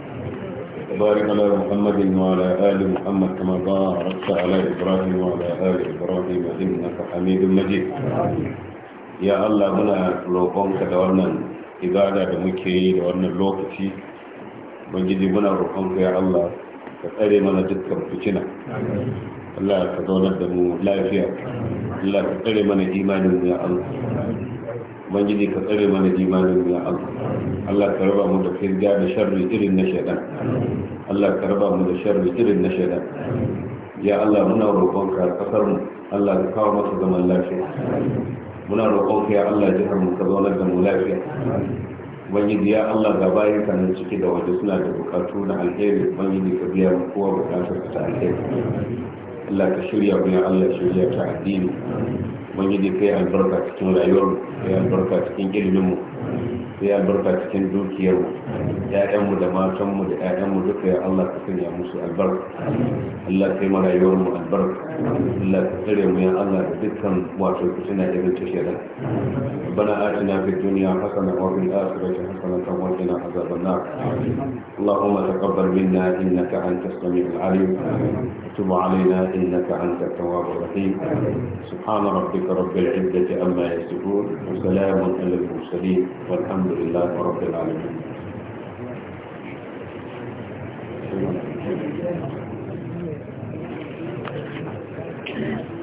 وبارك على محمد وعلى آل محمد كما باركت على إبراهيم وعلى آل إبراهيم إنك حميد مجيد يا الله منا روقونك دورنا ibada da muke yi da wannan lokaci bangiji muna roƙonka ya Allah ka tsare mana dukkan fitina Allah ka zaunar da mu lafiya ka tsare mana imanin ya Allah ubangiji ka tsare mana jimanin ya Allah Allah ka raba mu da firga da sharri irin na shaitan Allah ka raba mu da sharri irin na shaitan ya Allah muna roƙonka kasar mu Allah ka kawo masa zaman lafiya muna roƙonka ya Allah jihar mu ka zauna da mu lafiya ubangiji ya Allah ga bayan ka nan ciki da waje suna da bukatu na alheri ubangiji ka biya mu kowa bukatar ta alheri Allah ka shirya mu ya Allah shirya ta addini dika kai albarka cikin rayuwarmu kai albarka cikin iliminmu kai albarka cikin dukiyarmu Ya'yanmu da matanmu da ƴaƴanmu duka ya Allah ka sanya musu albarka Allah ka yi mu rayuwarmu albarka Allah ka tsare mu ya Allah da dukkan wato suna irin ta shedan bana atina fi dunya hasana wa fil akhirati hasana wa qina azaban nar Allahumma taqabbal minna innaka antas samiul alim تب علينا إنك أنت التواب الرحيم سبحان ربك رب العزة أما يصفون وسلام على المرسلين والحمد لله رب العالمين Thank you.